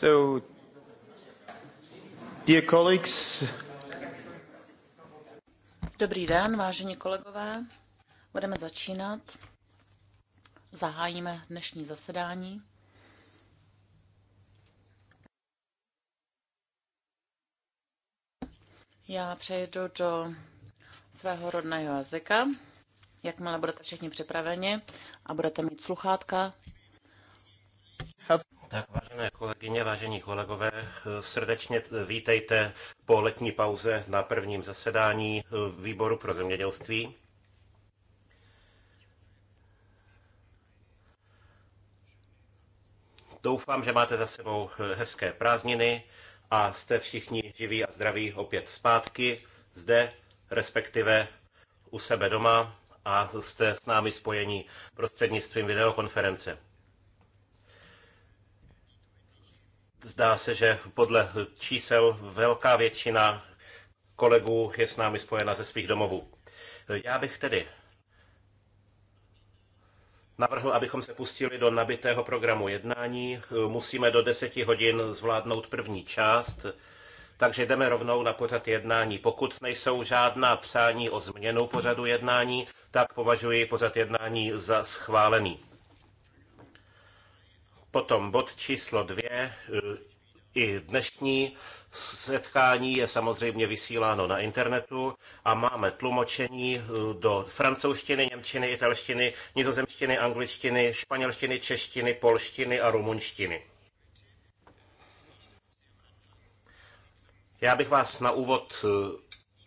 So, dear colleagues. Dobrý den, vážení kolegové. Budeme začínat. Zahájíme dnešní zasedání. Já přejdu do svého rodného jazyka. Jakmile budete všichni připraveni a budete mít sluchátka, tak Vážené kolegyně, vážení kolegové, srdečně vítejte po letní pauze na prvním zasedání výboru pro zemědělství. Doufám, že máte za sebou hezké prázdniny a jste všichni živí a zdraví opět zpátky zde, respektive u sebe doma a jste s námi spojeni prostřednictvím videokonference. Zdá se, že podle čísel velká většina kolegů je s námi spojena ze svých domovů. Já bych tedy navrhl, abychom se pustili do nabitého programu jednání. Musíme do 10 hodin zvládnout první část, takže jdeme rovnou na pořad jednání. Pokud nejsou žádná přání o změnu pořadu jednání, tak považuji pořad jednání za schválený. Potom bod číslo dvě, e, i dnešní setkání je samozřejmě vysíláno na internetu a máme tlumočení e, do francouzštiny, němčiny, italštiny, nizozemštiny, angličtiny, španělštiny, češtiny, polštiny a rumunštiny. Já bych vás na úvod e,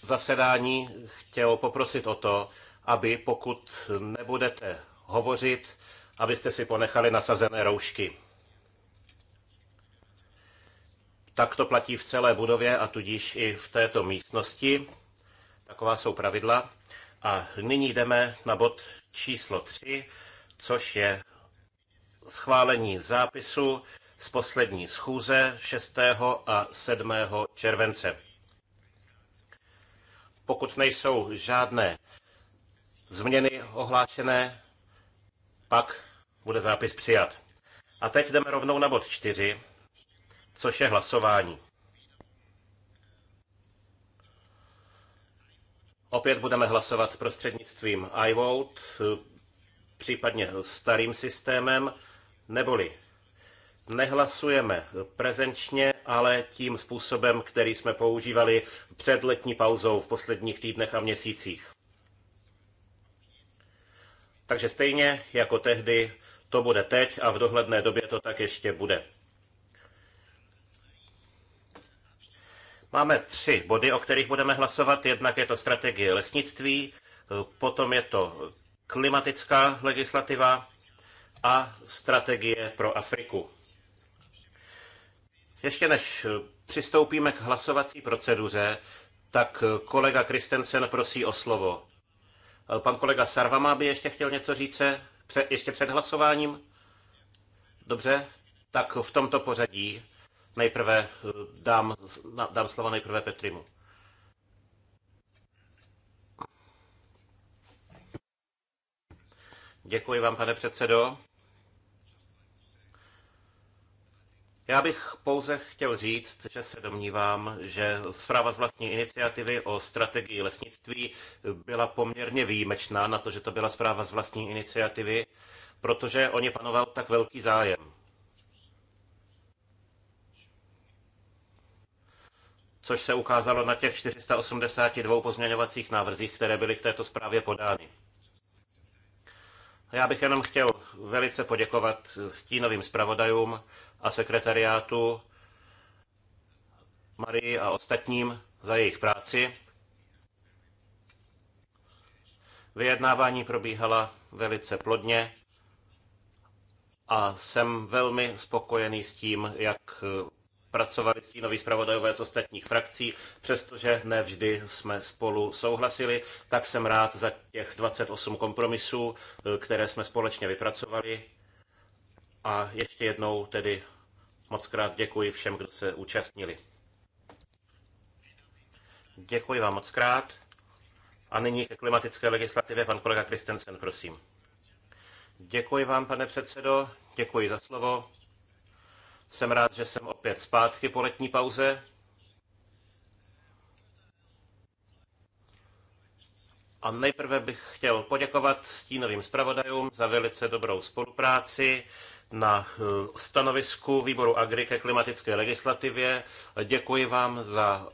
zasedání chtěl poprosit o to, aby pokud nebudete hovořit, abyste si ponechali nasazené roušky. Tak to platí v celé budově a tudíž i v této místnosti. Taková jsou pravidla. A nyní jdeme na bod číslo 3, což je schválení zápisu z poslední schůze 6. a 7. července. Pokud nejsou žádné změny ohlášené, pak bude zápis přijat. A teď jdeme rovnou na bod 4, což je hlasování. Opět budeme hlasovat prostřednictvím iVote, případně starým systémem, neboli nehlasujeme prezenčně, ale tím způsobem, který jsme používali před letní pauzou v posledních týdnech a měsících. Takže stejně jako tehdy, to bude teď a v dohledné době to tak ještě bude. Máme tři body, o kterých budeme hlasovat. Jednak je to strategie lesnictví, potom je to klimatická legislativa a strategie pro Afriku. Ještě než přistoupíme k hlasovací proceduře, tak kolega Kristensen prosí o slovo. Eh, pan kolega Sarvama by ještě chtěl něco říct se, ještě před hlasováním? Dobře, tak v tomto pořadí nejprve eh, dám, dám slovo nejprve Petrimu. Děkuji vám, pane předsedo. Já bych pouze chtěl říct, že se domnívám, že zpráva z vlastní iniciativy o strategii lesnictví byla poměrně výjimečná na to, že to byla zpráva z vlastní iniciativy, protože o ně panoval tak velký zájem. Což se ukázalo na těch 482 pozměňovacích návrzích, které byly k této zprávě podány. Já bych jenom chtěl velice poděkovat stínovým zpravodajům a sekretariátu Marii a ostatním za jejich práci. Vyjednávání probíhala velice plodně a jsem velmi spokojený s tím, jak pracovali stínoví zpravodajové z ostatních frakcí, přestože ne vždy jsme spolu souhlasili, tak jsem rád za těch 28 kompromisů, eh, které jsme společně vypracovali. A ještě jednou tedy moc krát děkuji všem, kdo se účastnili. Děkuji vám moc krát. A nyní ke klimatické legislativě pan kolega Kristensen, prosím. Děkuji vám, pane předsedo, děkuji za slovo. Jsem rád, že jsem opět zpátky po letní pauze. A nejprve bych chtěl poděkovat stínovým zpravodajům za velice dobrou spolupráci na eh, stanovisku výboru Agri ke klimatické legislativě. Děkuji vám za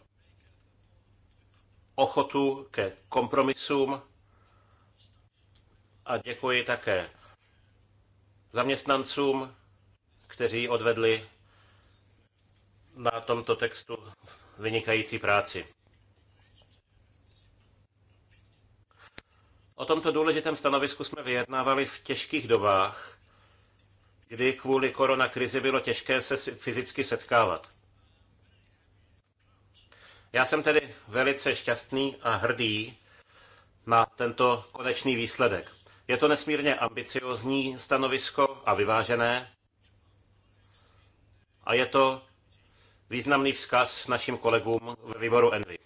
ochotu ke kompromisům a děkuji také zaměstnancům kteří odvedli na tomto textu vynikající práci. O tomto důležitém stanovisku jsme vyjednávali v těžkých dobách, kdy kvůli koronakrizi bylo těžké se fyzicky setkávat. Já jsem tedy velice šťastný a hrdý na tento konečný výsledek. Je to nesmírně ambiciozní stanovisko a vyvážené, a je to významný vzkaz našim kolegům ve výboru Envy.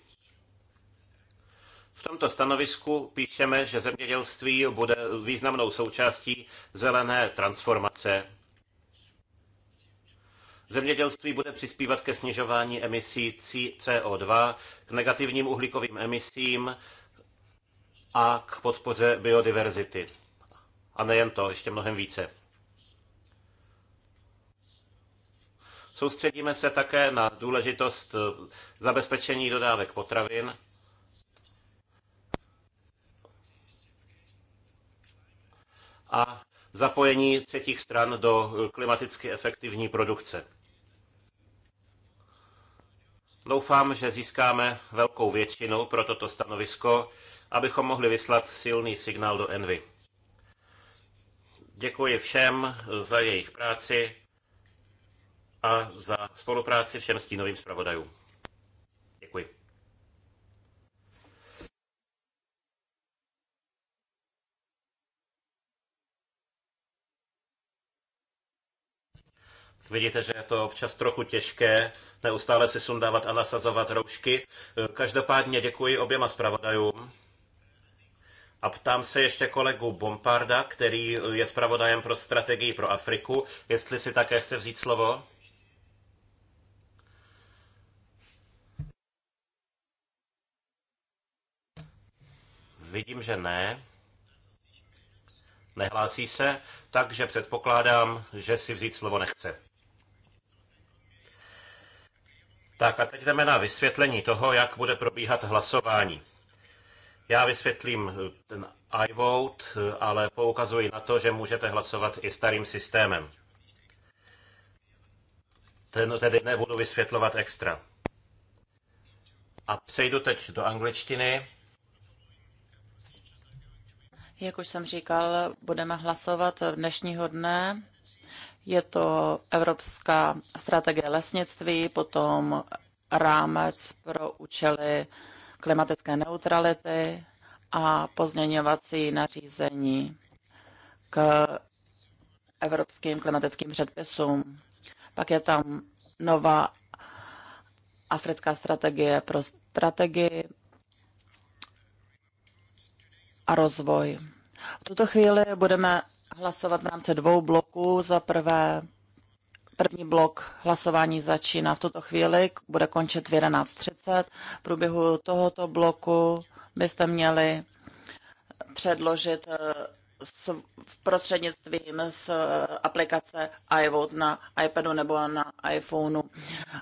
V tomto stanovisku píšeme, že zemědělství bude významnou součástí zelené transformace. Zemědělství bude přispívat ke snižování emisí CO2, k negativním uhlíkovým emisím a k podpoře biodiverzity. A nejen to, ještě mnohem více. Soustředíme se také na důležitost eh, zabezpečení dodávek potravin. A zapojení třetích stran do eh, klimaticky efektivní produkce. Doufám, že získáme velkou většinu pro toto stanovisko, abychom mohli vyslat silný signál do Envy. Děkuji všem eh, za jejich práci a za spolupráci všem stínovým zpravodajům. Děkuji. Vidíte, že je to občas trochu těžké neustále si sundávat a nasazovat roušky. Každopádně děkuji oběma zpravodajům. A ptám se ještě kolegu Bomparda, který je zpravodajem pro strategii pro Afriku, jestli si také chce vzít slovo. Vidím, že ne. Nehlásí se, takže předpokládám, že si vzít slovo nechce. Tak a teď jdeme na vysvětlení toho, jak bude probíhat hlasování. Já vysvětlím ten iVote, ale poukazuji na to, že můžete hlasovat i starým systémem. Ten tedy nebudu vysvětlovat extra. A přejdu teď do angličtiny. Jak už jsem říkal, budeme hlasovat dnešního dne. Je to Evropská strategie lesnictví, potom rámec pro účely klimatické neutrality a pozměňovací nařízení k evropským klimatickým předpisům. Pak je tam nová africká strategie pro strategii a rozvoj. V tuto chvíli budeme hlasovat v rámci dvou bloků. Za prvé, první blok hlasování začíná v tuto chvíli, bude končit v 11.30. V průběhu tohoto bloku byste měli předložit v eh, prostřednictvím z eh, aplikace iVote na iPadu nebo na iPhoneu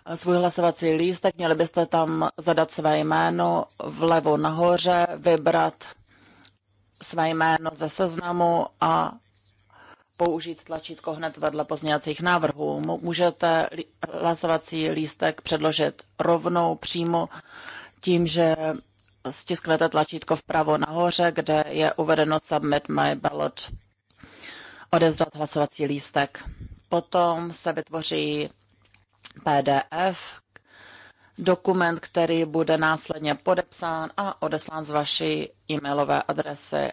eh, svůj hlasovací lístek. Měli byste tam zadat své jméno vlevo nahoře, vybrat své jméno ze seznamu a použít tlačítko hned vedle pozměňovacích návrhů. Můžete hlasovací lístek předložit rovnou přímo tím, že stisknete tlačítko vpravo nahoře, kde je uvedeno Submit my ballot, odevzdat hlasovací lístek. Potom se vytvoří PDF, dokument, který bude následně podepsán a odeslán z vaší e-mailové adresy.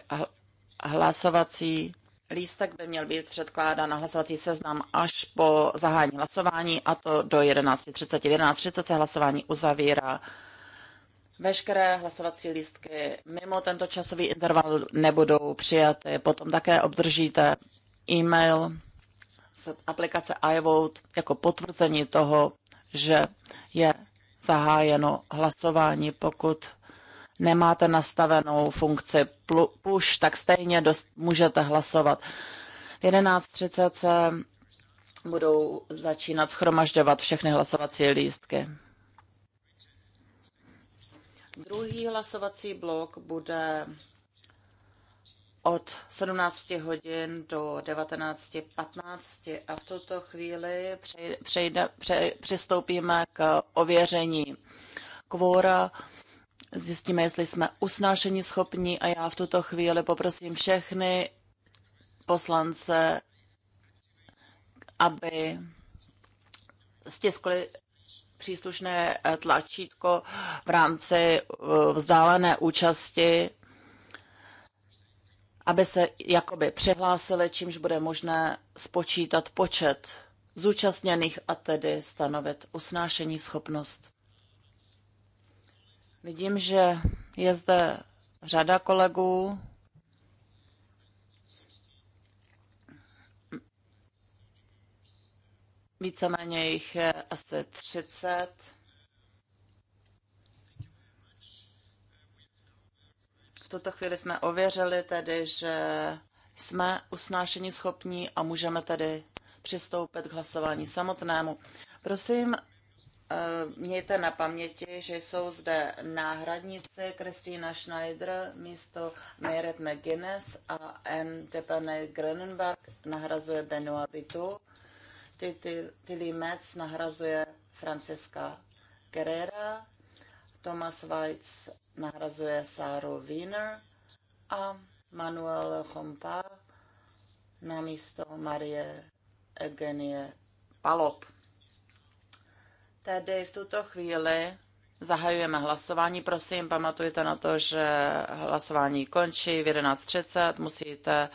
Hlasovací lístek by měl být předkládán na hlasovací seznam až po zahájení hlasování a to do 11.30. 11.30 se hlasování uzavírá. Veškeré hlasovací lístky mimo tento časový interval nebudou přijaty. Potom také obdržíte e-mail z aplikace iVote jako potvrzení toho, že je zahájeno hlasování. Pokud nemáte nastavenou funkci push, tak stejně dost, můžete hlasovat. V 11.30 se budou začínat schromažďovat všechny hlasovací lístky. Druhý hlasovací blok bude od 17 hodin do 19.15 a v tuto chvíli přejde, pře, přistoupíme k ověření kvóra. Zjistíme, jestli jsme usnášení schopní a já v tuto chvíli poprosím všechny poslance, aby stiskli příslušné tlačítko v rámci eh, vzdálené účasti aby se jakoby přihlásili, čímž bude možné spočítat počet zúčastněných a tedy stanovit usnášení schopnost. Vidím, že je zde řada kolegů. Víceméně jich je asi 30. tuto chvíli jsme ověřili tedy, že jsme usnášení schopní a můžeme tedy přistoupit k hlasování samotnému. Prosím, eh, mějte na paměti, že jsou zde náhradníci Kristýna Schneider místo Meret McGuinness a N. Tepane Grenenberg nahrazuje Benoit Vitu. Tilly Metz nahrazuje Francesca Guerrera, Thomas Weitz nahrazuje Sáru Wiener a Manuel Chompa na místo Marie Eugenie Palop. Tedy v tuto chvíli zahajujeme hlasování. Prosím, pamatujte na to, že hlasování končí v 11.30. Musíte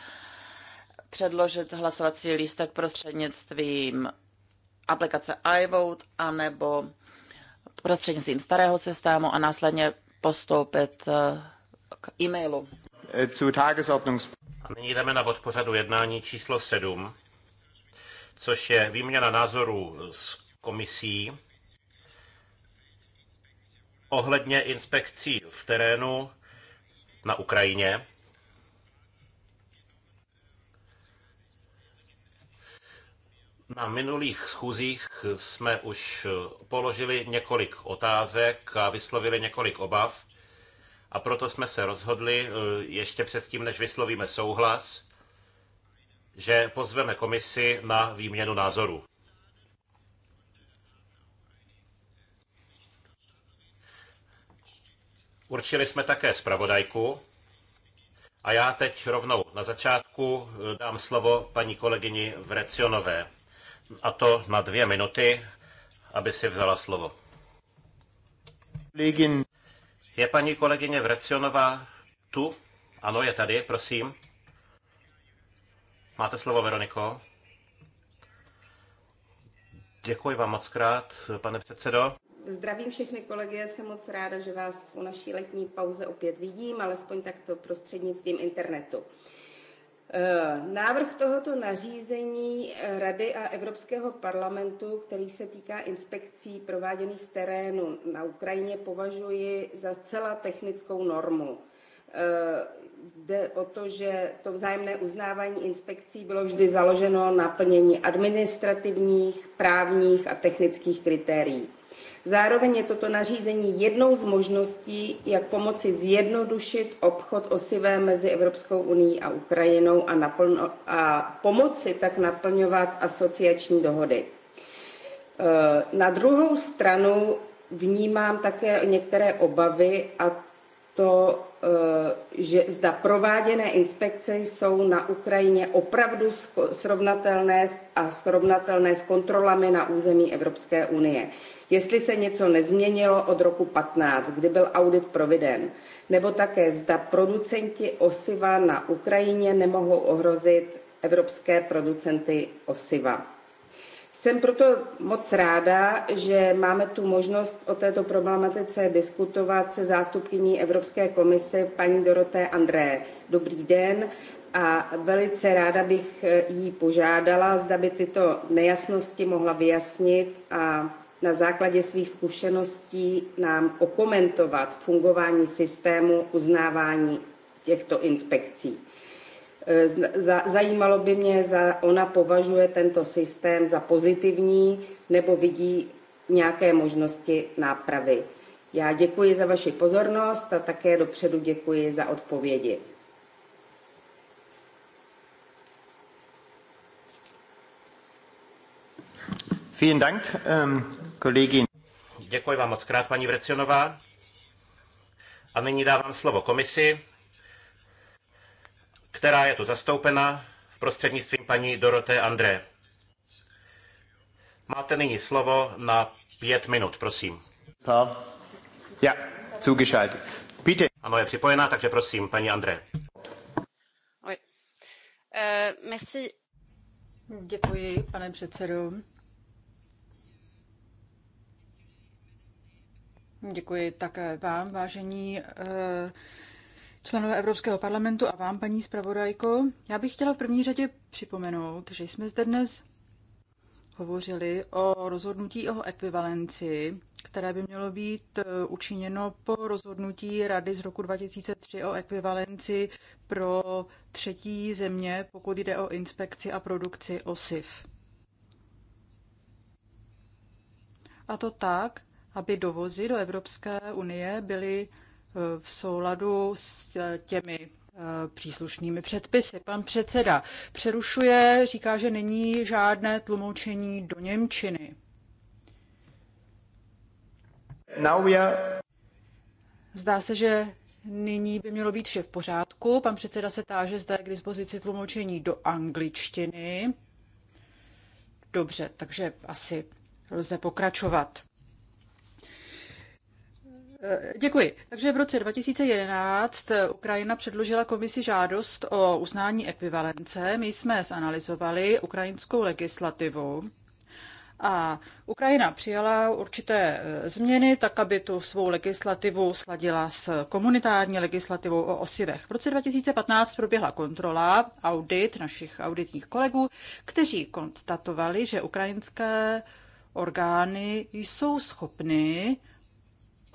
předložit hlasovací lístek prostřednictvím aplikace iVote anebo prostřednictvím starého systému a následně postoupit eh, k e-mailu. Eh, a nyní jdeme na bod pořadu jednání číslo 7, což je výměna názorů s komisí ohledně inspekcí v terénu na Ukrajině. Na minulých schůzích jsme už eh, položili několik otázek a vyslovili několik obav a proto jsme se rozhodli eh, ještě předtím, než vyslovíme souhlas, že pozveme komisi na výměnu názorů. Určili jsme také zpravodajku a já teď rovnou na začátku eh, dám slovo paní kolegyni Vrecionové a to na dvě minuty, aby si vzala slovo. Je paní kolegyně Vrecionová tu? Ano, je tady, prosím. Máte slovo, Veroniko. Děkuji vám moc krát, pane předsedo. Zdravím všechny kolegy, jsem moc ráda, že vás po naší letní pauze opět vidím, alespoň takto prostřednictvím internetu. Eh, návrh tohoto nařízení eh, Rady a Evropského parlamentu, který se týká inspekcí prováděných v terénu na Ukrajině, považuji za zcela technickou normu. Eh, jde o to, že to vzájemné uznávání inspekcí bylo vždy založeno na plnění administrativních, právních a technických kritérií. Zároveň je toto nařízení jednou z možností, jak pomoci zjednodušit obchod osivé mezi Evropskou unii a Ukrajinou a, naplno, a pomoci tak naplňovat asociační dohody. E, na druhou stranu vnímám také některé obavy a to, e, že zda prováděné inspekce jsou na Ukrajině opravdu srovnatelné a srovnatelné s kontrolami na území Evropské unie jestli se něco nezměnilo od roku 15, kdy byl audit proveden, nebo také zda producenti osiva na Ukrajině nemohou ohrozit evropské producenty osiva. Jsem proto moc ráda, že máme tu možnost o této problematice diskutovat se zástupkyní Evropské komise paní Doroté André. Dobrý den a velice ráda bych eh, jí požádala, zda by tyto nejasnosti mohla vyjasnit a na základě svých zkušeností nám okomentovat fungování systému uznávání těchto inspekcí. E, zajímalo by mě, za ona považuje tento systém za pozitivní nebo vidí nějaké možnosti nápravy. Já děkuji za vaši pozornost a také dopředu děkuji za odpovědi. Vielen Dank. Ähm, kolegin. Děkuji vám moc krát, paní Vrecionová. A nyní dávám slovo komisi, která je tu zastoupena v prostřednictvím paní Doroté André. Máte nyní slovo na pět minut, prosím. Ta. Ja, zugeschaltet. Bitte. Ano, je připojená, takže prosím, paní André. Oui. Uh, merci. Děkuji, pane předsedo. Děkuji také vám, vážení eh, členové Evropského parlamentu a vám, paní zpravodajko. Já bych chtěla v první řadě připomenout, že jsme zde dnes hovořili o rozhodnutí o ekvivalenci, které by mělo být eh, učiněno po rozhodnutí Rady z roku 2003 o ekvivalenci pro třetí země, pokud jde o inspekci a produkci OSIF. A to tak, aby dovozy do Evropské unie byly eh, v souladu s eh, těmi eh, příslušnými předpisy. Pan předseda přerušuje, říká, že není žádné tlumočení do Němčiny. Zdá se, že nyní by mělo být vše v pořádku. Pan předseda se táže, zda je k dispozici tlumočení do angličtiny. Dobře, takže asi lze pokračovat. Eh, děkuji. Takže v roce 2011 eh, Ukrajina předložila komisi žádost o uznání ekvivalence. My jsme zanalizovali ukrajinskou legislativu a Ukrajina přijala určité eh, změny, tak aby tu svou legislativu sladila s komunitární legislativou o osivech. V roce 2015 proběhla kontrola, audit našich auditních kolegů, kteří konstatovali, že ukrajinské orgány jsou schopny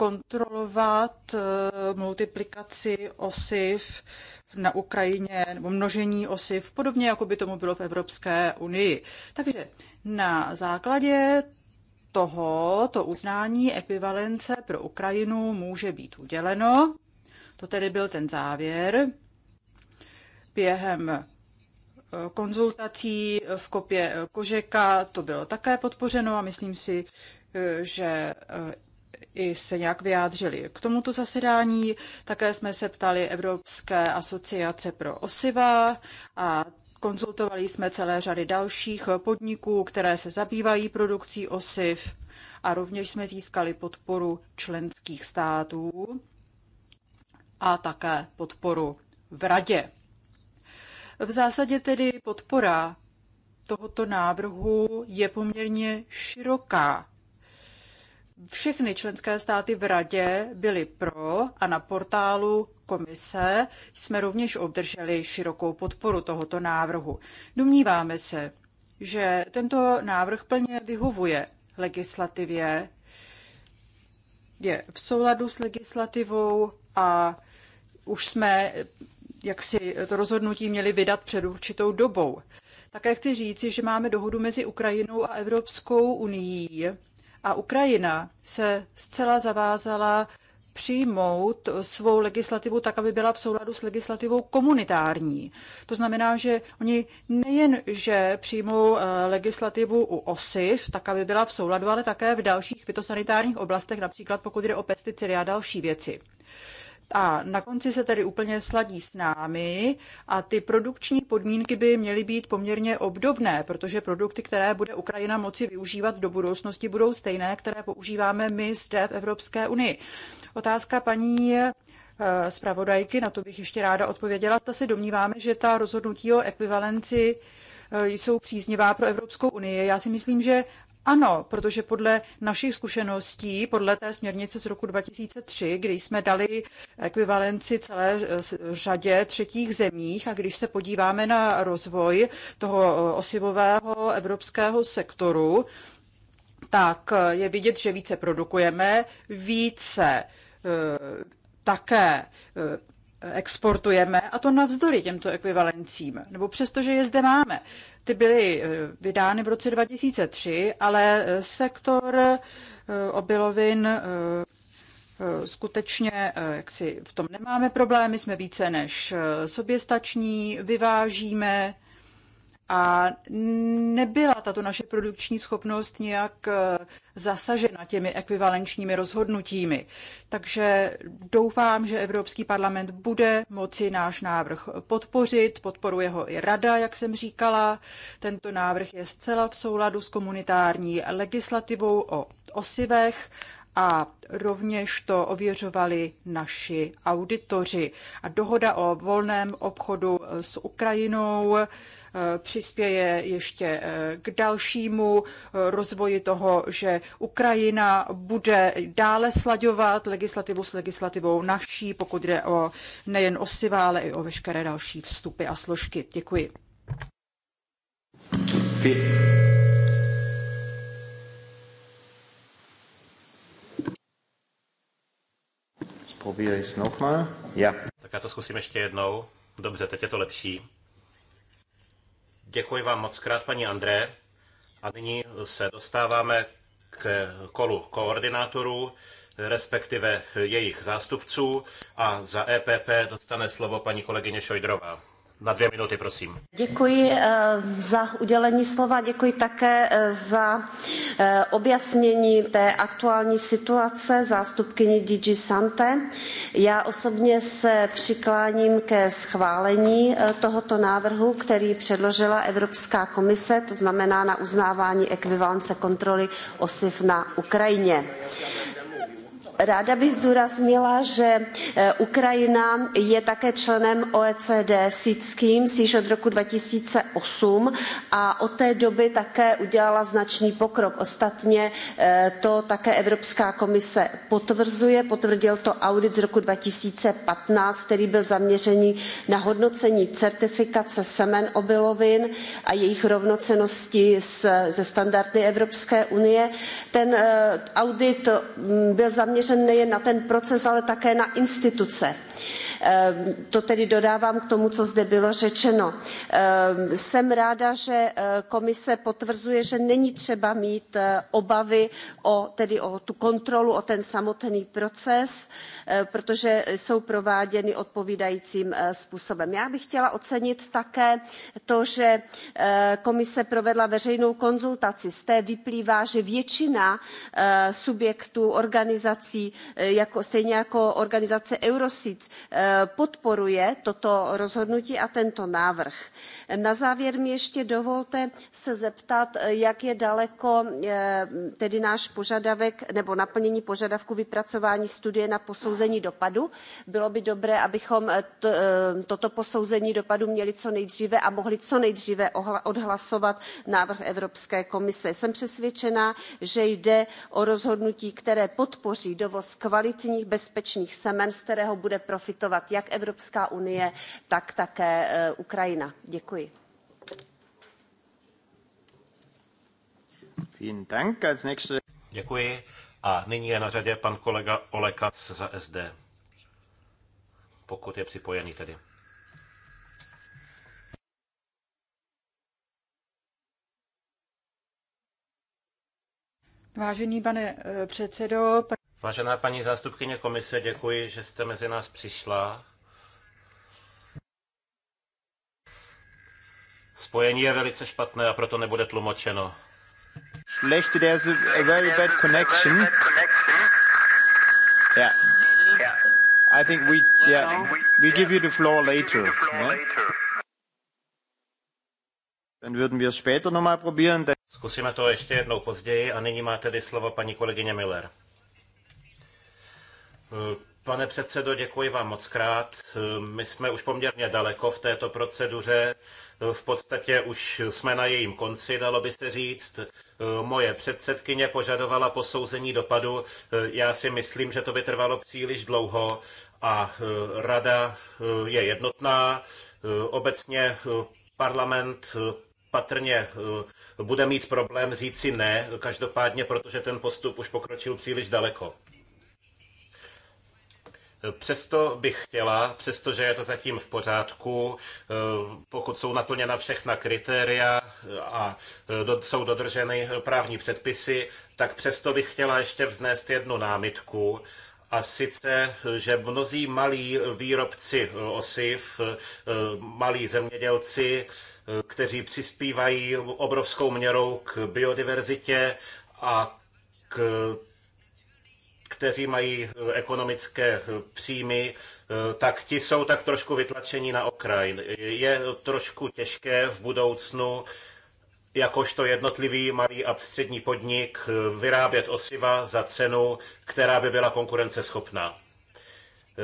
kontrolovat eh, multiplikaci osiv na Ukrajině nebo množení osiv, podobně jako by tomu bylo v Evropské unii. Takže na základě toho, to uznání ekvivalence pro Ukrajinu může být uděleno. To tedy byl ten závěr. Během eh, konzultací v kopě Kožeka to bylo také podpořeno a myslím si, eh, že i se nějak vyjádřili k tomuto zasedání. Také jsme se ptali Evropské asociace pro osiva a konzultovali jsme celé řady dalších podniků, které se zabývají produkcí osiv a rovněž jsme získali podporu členských států a také podporu v radě. V zásadě tedy podpora tohoto návrhu je poměrně široká všechny členské státy v radě byly pro a na portálu komise jsme rovněž obdrželi širokou podporu tohoto návrhu. Domníváme se, že tento návrh plně vyhovuje legislativě, je v souladu s legislativou a už jsme jak si to rozhodnutí měli vydat před určitou dobou. Také chci říci, že máme dohodu mezi Ukrajinou a Evropskou unii a Ukrajina se zcela zavázala přijmout svou legislativu tak, aby byla v souladu s legislativou komunitární. To znamená, že oni nejen, že přijmou eh, legislativu u OSIF, tak, aby byla v souladu, ale také v dalších fitosanitárních oblastech, například pokud jde o pesticidy a další věci a na konci se tedy úplně sladí s námi a ty produkční podmínky by měly být poměrně obdobné, protože produkty, které bude Ukrajina moci využívat do budoucnosti, budou stejné, které používáme my zde v Evropské unii. Otázka paní eh, zpravodajky, na to bych ještě ráda odpověděla. Ta si domníváme, že ta rozhodnutí o ekvivalenci eh, jsou příznivá pro Evropskou unii. Já si myslím, že ano, protože podle našich zkušeností, podle té směrnice z roku 2003, kdy jsme dali ekvivalenci celé eh, řadě třetích zemích a když se podíváme na rozvoj toho eh, osivového evropského sektoru, tak eh, je vidět, že více produkujeme, více také exportujeme, a to navzdory těmto ekvivalencím, nebo přestože je zde máme. Ty byly eh, vydány v roce 2003, ale eh, sektor eh, obilovin skutečně jaksi v tom nemáme problémy, jsme více než soběstační, vyvážíme a nebyla tato naše produkční schopnost nějak eh, zasažena těmi ekvivalenčními rozhodnutími. Takže doufám, že Evropský parlament bude moci náš návrh podpořit, podporuje ho i Rada, jak jsem říkala. Tento návrh je zcela v souladu s komunitární legislativou o osivech a rovněž to ověřovali naši auditoři. A dohoda o volném obchodu s Ukrajinou eh, přispěje ještě eh, k dalšímu eh, rozvoji toho, že Ukrajina bude dále slaďovat legislativu s legislativou naší, pokud jde o nejen osiva, ale i o veškeré další vstupy a složky. Děkuji. Probiere ich es Ja. Tak já to zkusím ještě jednou. Dobře, teď je to lepší. Děkuji vám moc krát, paní André. A nyní se dostáváme k kolu koordinátorů, respektive jejich zástupců. A za EPP dostane slovo paní kolegyně Šojdrová. Na dvě minuty, prosím. Děkuji eh, za udělení slova, děkuji také eh, za eh, objasnění té aktuální situace zástupkyni DG Sante. Já osobně se přikláním ke schválení tohoto návrhu, který předložila Evropská komise, to znamená na uznávání ekvivalence kontroly osiv na Ukrajině. Ráda bych zdůraznila, že e, Ukrajina je také členem OECD sítským již od roku 2008 a od té doby také udělala značný pokrok. Ostatně e, to také Evropská komise potvrzuje, potvrdil to audit z roku 2015, který byl zaměřený na hodnocení certifikace semen obilovin a jejich rovnocennosti se standardy Evropské unie. Ten e, audit byl zaměřen zaměřen nejen na ten proces ale také na instituce. Ehm, to tedy dodávám k tomu co zde bylo řečeno. Ehm, jsem ráda že eh, komise potvrzuje že není třeba mít eh, obavy o, tedy o tu kontrolu o ten samotný proces eh, protože jsou prováděny odpovídajícím způsobem. já bych chtěla ocenit také to že komise provedla veřejnou konzultaci z té vyplývá že většina subjektů organizací jako, stejně jako organizace eurosur podporuje toto rozhodnutí a tento návrh. na závěr mi ještě dovolte se zeptat jak je daleko eh, tedy náš požadavek nebo naplnění požadavku vypracování studie na posouzení dopadu. bylo by dobré abychom eh, eh, toto posouzení dopadu měli co nejdříve a mohli co nejdříve odhlasovat návrh evropské komise. jsem přesvědčena že jde o rozhodnutí které podpoří dovoz kvalitních bezpečných semen z kterého bude profitovat podporovat jak Evropská unie, tak také eh, Ukrajina. Děkuji. Děkuji. A nyní je na řadě pan kolega Oleka z SD, pokud je připojený tedy. Vážený pane eh, předsedo, Vážená paní zástupkyně komise, děkuji, že jste mezi nás přišla. Spojení je velice špatné a proto nebude tlumočeno. Schlecht, there's a, a very bad connection. Yeah. yeah. I think we, yeah, we give you the floor later. Dann würden wir es später nochmal probieren. Zkusíme to ještě jednou později a nyní má tedy slovo paní kolegyně Miller. Pane předsedo, děkuji vám moc krát. My jsme už poměrně daleko v této proceduře. V podstatě už jsme na jejím konci, dalo by se říct. Moje předsedkyně požadovala posouzení dopadu. Já si myslím, že to by trvalo příliš dlouho a rada je jednotná. Obecně parlament patrně bude mít problém říci ne, každopádně, protože ten postup už pokročil příliš daleko. Přesto bych chtěla, přestože je to zatím v pořádku, eh, pokud jsou naplněna všechna kritéria eh, a eh, jsou dodrženy právní předpisy, tak přesto bych chtěla ještě vznést jednu námitku. A sice, že mnozí malí výrobci osiv, malí zemědělci, kteří přispívají obrovskou měrou k biodiverzitě a k kteří mají eh, ekonomické eh, příjmy, eh, tak ti jsou tak trošku vytlačeni na okraj. Je trošku těžké v budoucnu jakožto jednotlivý malý a střední podnik vyrábět osiva za cenu, která by byla konkurenceschopná.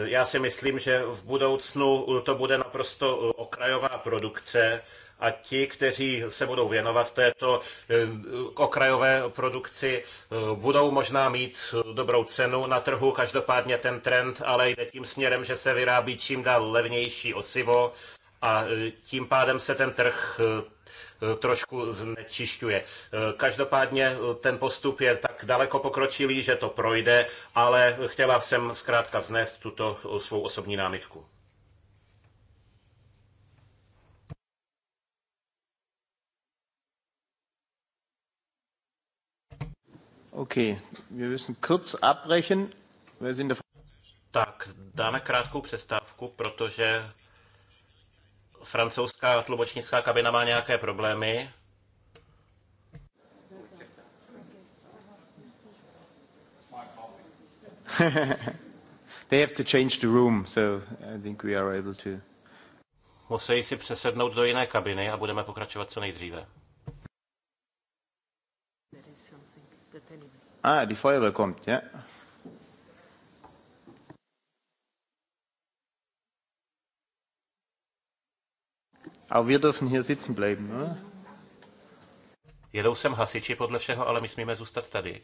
Já si myslím, že v budoucnu to bude naprosto okrajová produkce, a ti, kteří se budou věnovat této eh, okrajové produkci, eh, budou možná mít eh, dobrou cenu na trhu. Každopádně ten trend ale jde tím směrem, že se vyrábí čím dál levnější osivo a tím pádem se ten trh trošku znečišťuje. Každopádně ten postup je tak daleko pokročilý, že to projde, ale chtěla jsem zkrátka vznést tuto svou osobní námitku. Okay, wir müssen kurz abbrechen. Wir sind der... Tak, dáme krátkou přestávku, protože francouzská tlumočnická kabina má nějaké problémy. They have to change the room, so I think we are able to. Musí si přesednout do jiné kabiny a budeme pokračovat co nejdříve. Ah, die Feuerwehr kommt, ja. Aber wir dürfen hier sitzen bleiben, oder? Jedou sem hasiči podle všeho, ale my smíme zůstat tady.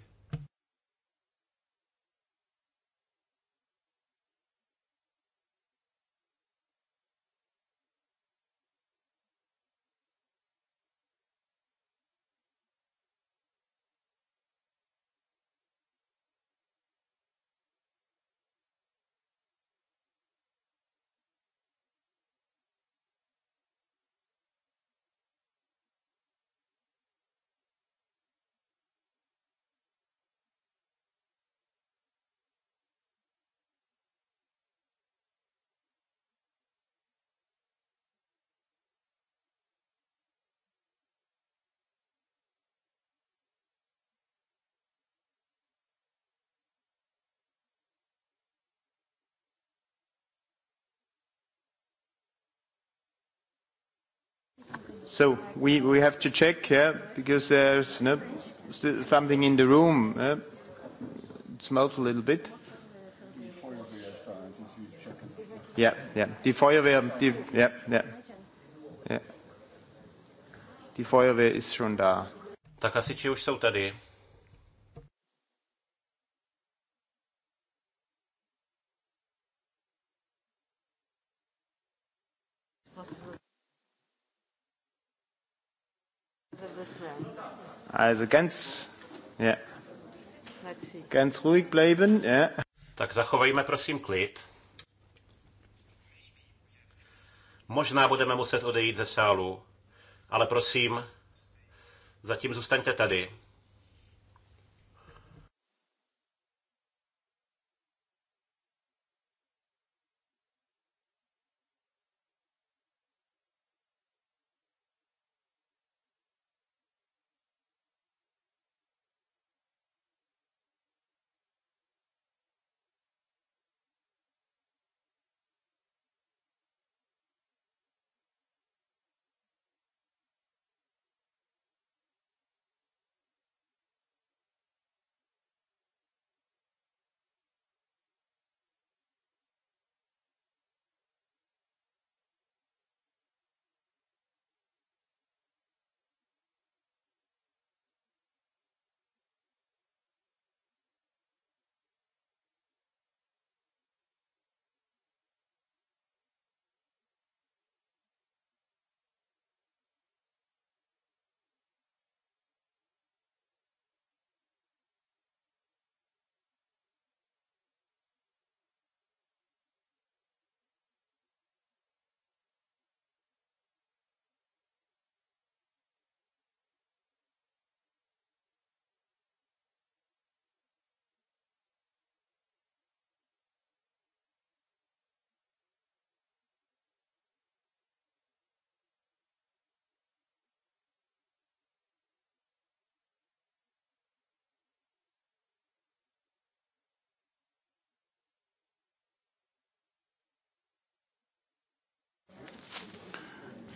So we, we have to check, yeah, because there's no, something in the room. Uh, it smells a little bit. Yeah, yeah. Die Feuerwehr, die, yeah. Yeah. ja. Die Feuerwehr ist schon da. Tak hasiči už jsou tady. Also ganz, ja. ganz ruhig bleiben. Ja. Tak zachovejme prosím klid. Možná budeme muset odejít ze sálu, ale prosím, zatím zůstaňte tady.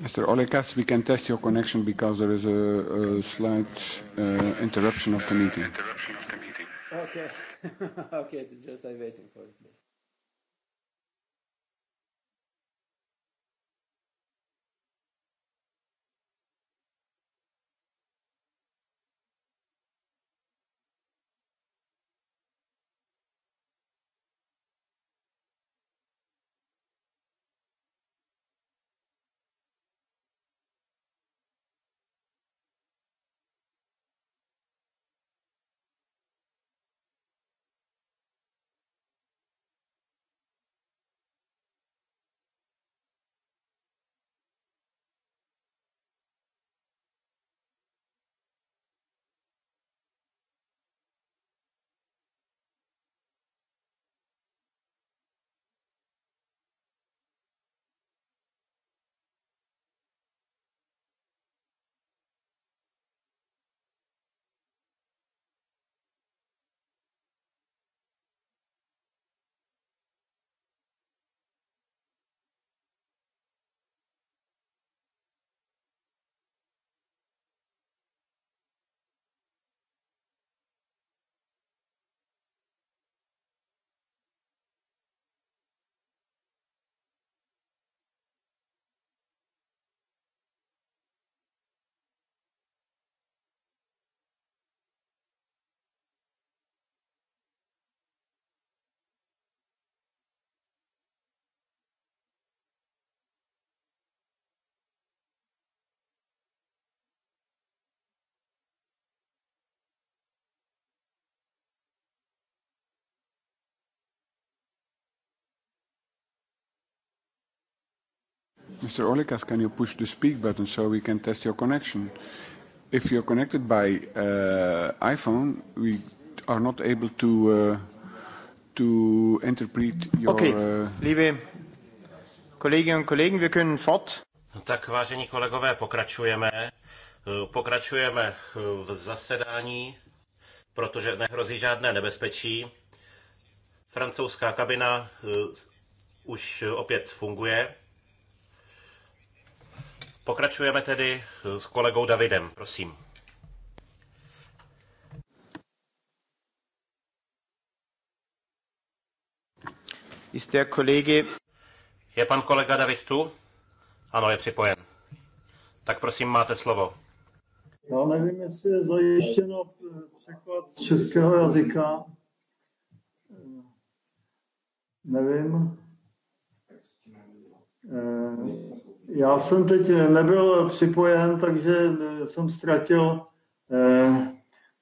Mr. Olekas, we can test your connection because there is a, slight uh, interruption of the meeting. Interruption of the meeting. Okay. okay, just I'm waiting for it. Mr. Olekas, can you push the speak button so we can test your connection? If you're connected by uh, iPhone, we are not able to uh, to interpret your. Okay, uh... liebe Kolleginnen und Kollegen, wir können fort. Tak vážení kolegové, pokračujeme. Eh, pokračujeme eh, v zasedání, protože nehrozí žádné nebezpečí. Francouzská kabina eh, už opět funguje. Pokračujeme tedy s kolegou Davidem, prosím. Je pan kolega David tu? Ano, je připojen. Tak prosím, máte slovo. Já nevím, jestli je zajištěno překlad z českého jazyka. Eh, nevím. Eh... Já jsem teď nebyl připojen, takže eh, jsem ztratil, eh,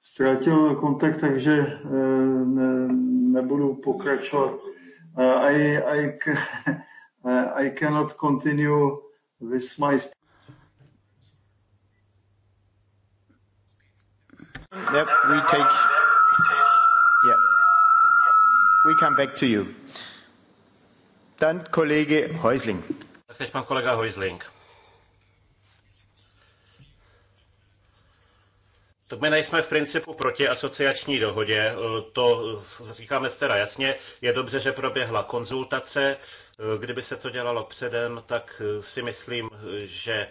ztratil kontakt, takže eh, ne, nebudu pokračovat. Uh, I, I, uh, I cannot continue with my... Yep, we take... Yeah. We come back to you. Dann Kollege Häusling. Teď pan kolega Hojzling. Tak my nejsme v principu proti asociační dohodě, to říkáme zcela jasně. Je dobře, že proběhla konzultace. Kdyby se to dělalo předem, tak si myslím, že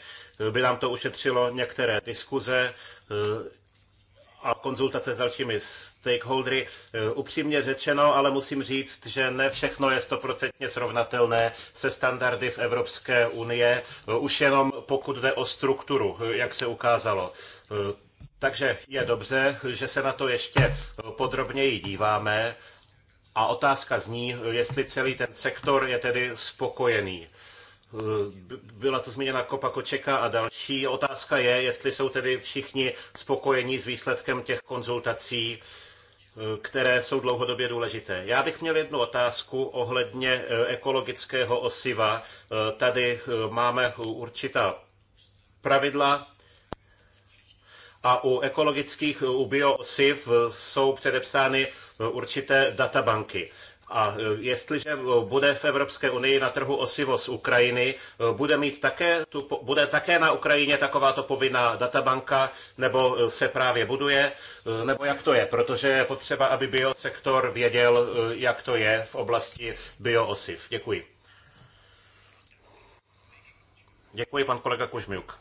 by nám to ušetřilo některé diskuze a konzultace s dalšími stakeholdery. E, upřímně řečeno, ale musím říct, že ne všechno je stoprocentně srovnatelné se standardy v Evropské unie, e, už jenom pokud jde o strukturu, e, jak se ukázalo. Takže je dobře, že se na to ještě podrobněji díváme. A otázka zní, jestli celý ten sektor je tedy spokojený. Eh, byla to zmíněna Kopa Kočeka a další. Otázka je, jestli jsou tedy všichni spokojení s výsledkem těch konzultací, eh, které jsou dlouhodobě důležité. Já bych měl jednu otázku ohledně eh, ekologického osiva. Tady máme určitá pravidla, a u ekologických, u bioosiv jsou předepsány určité databanky. A e, jestliže e, bude v Evropské unii na trhu osivo z Ukrajiny, e, bude, mít také, tu, bude také na Ukrajině takováto povinná databanka, nebo se právě buduje, nebo jak to je? Protože je potřeba, aby biosektor věděl, jak to je v oblasti bioosiv. Děkuji. Děkuji, pan kolega Kužmiuk.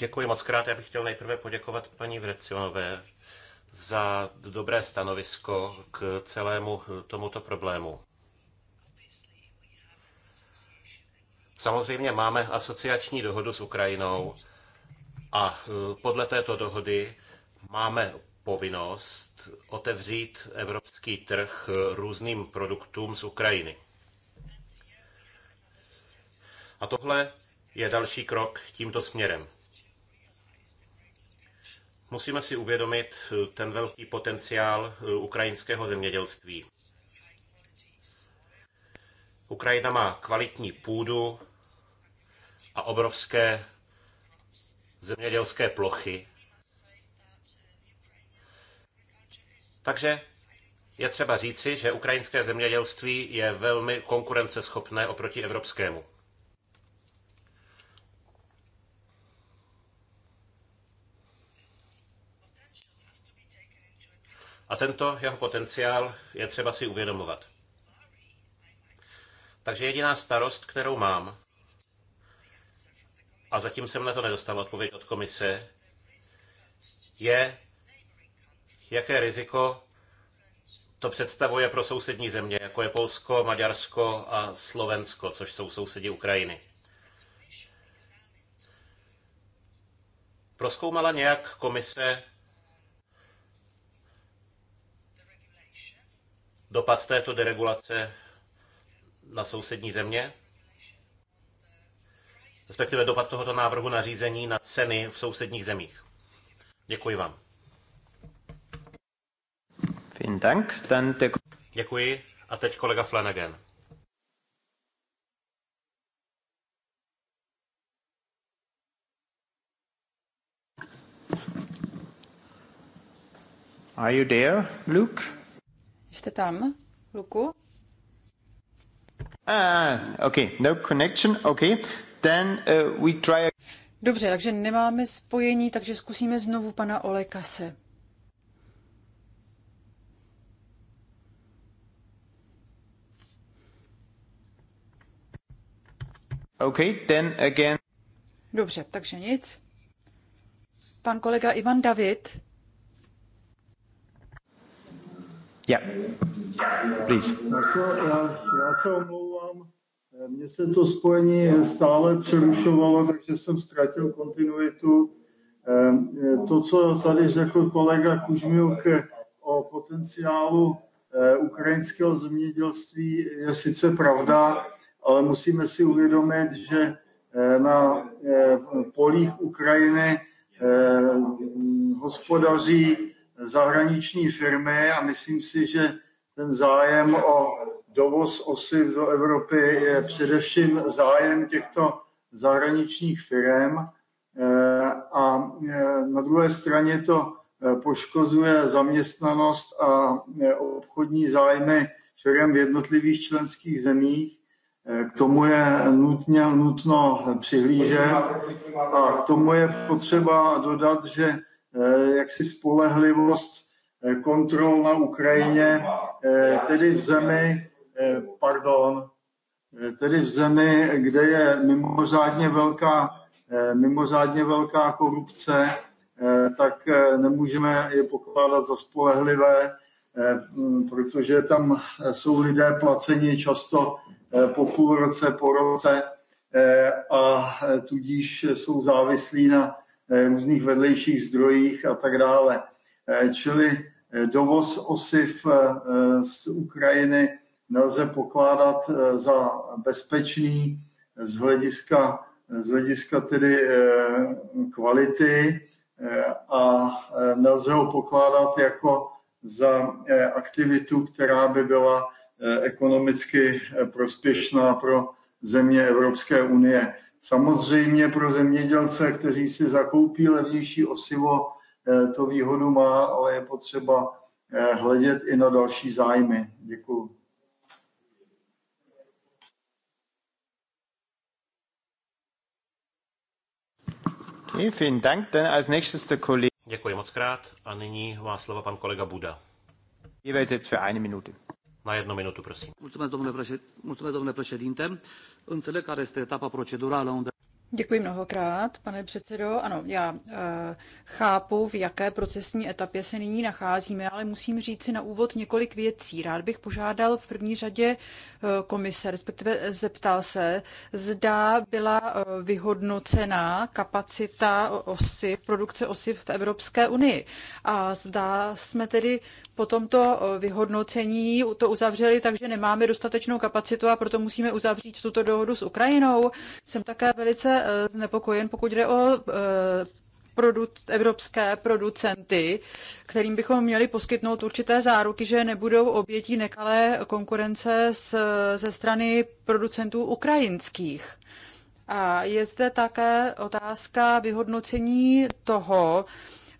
Děkuji moc krát. Já bych chtěl nejprve poděkovat paní Vrecionové za dobré stanovisko k celému eh, tomuto problému. Samozřejmě máme asociační dohodu s Ukrajinou a eh, podle této dohody máme povinnost otevřít evropský trh eh, různým produktům z Ukrajiny. A tohle je další krok tímto směrem. Musíme si uvědomit eh, ten velký potenciál eh, ukrajinského zemědělství. Ukrajina má kvalitní půdu a obrovské zemědělské plochy. Takže je třeba říci, že ukrajinské zemědělství je velmi konkurenceschopné oproti evropskému. A tento jeho potenciál je třeba si uvědomovat. Takže jediná starost, kterou mám, a zatím jsem na to nedostal odpověď od komise, je, jaké riziko to představuje pro sousední země, jako je Polsko, Maďarsko a Slovensko, což jsou sousedi Ukrajiny. Proskoumala nějak komise dopad této deregulace na sousední země? Respektive dopad tohoto návrhu na řízení na ceny v sousedních zemích. Děkuji vám. Děkuji. A teď kolega Flanagan. Are you there, Luke? Jste tam, Luku? Ah, ah, OK, no connection, OK. Then uh, we try... Dobře, takže nemáme spojení, takže zkusíme znovu pana Olekase. OK, then again. Dobře, takže nic. Pan kolega Ivan David Yeah. Please. Já se, já, já se omlouvám, mně se to spojení stále přerušovalo, takže jsem ztratil kontinuitu. Ehm, to, co tady řekl kolega Kužmiuk o potenciálu eh, ukrajinského zemědělství, je sice pravda, ale musíme si uvědomit, že eh, na eh, polích Ukrajiny hospodaří zahraniční firmy a myslím si, že ten zájem o dovoz osiv do Evropy je především zájem těchto zahraničních firm eh, a eh, na druhé straně to eh, poškozuje zaměstnanost a obchodní zájmy firm v jednotlivých členských zemích. K tomu je nutně, nutno přihlížet a k tomu je potřeba dodat, že Eh, jaksi spolehlivost eh, kontrol na Ukrajině, eh, tedy v zemi, pardon, tedy v zemi, kde je mimořádně velká, mimořádně velká korupce, tak nemůžeme je pokládat za spolehlivé, protože tam jsou lidé placeni často po půl roce, po roce a tudíž jsou závislí na Eh, různých vedlejších zdrojích a tak dále. Eh, čili eh, dovoz osiv z Ukrajiny nelze pokládat za bezpečný z hlediska, z hlediska tedy kvality a nelze ho pokládat jako za aktivitu, která by byla ekonomicky prospěšná pro země Evropské unie. Samozřejmě pro zemědělce, kteří si zakoupí levnější osivo, eh, to výhodu má, ale je potřeba eh, hledět i na další zájmy. Děkuji. Děkuji moc krát a nyní má slovo pan kolega Buda. Jeweils jetzt für eine Minute. Na jednu minutu, prosím. Mulțumesc, domnule președinte. Înțeleg care este etapa procedurală unde... Děkuji mnohokrát, pane předsedo. Ano, já e, chápu, v jaké procesní etapě se nyní nacházíme, ale musím říct si na úvod několik věcí. Rád bych požádal v první řadě e, komise, respektive zeptal se, zda byla e, eh, vyhodnocena kapacita osy, produkce osy v Evropské unii. A zda jsme tedy po tomto vyhodnocení to uzavřeli, takže nemáme dostatečnou kapacitu a proto musíme uzavřít tuto dohodu s Ukrajinou. Jsem také velice Eh, znepokojen, pokud jde o eh, evropské producenty, kterým bychom měli poskytnout určité záruky, že nebudou obětí nekalé konkurence z, ze strany producentů ukrajinských. A je zde také otázka vyhodnocení toho,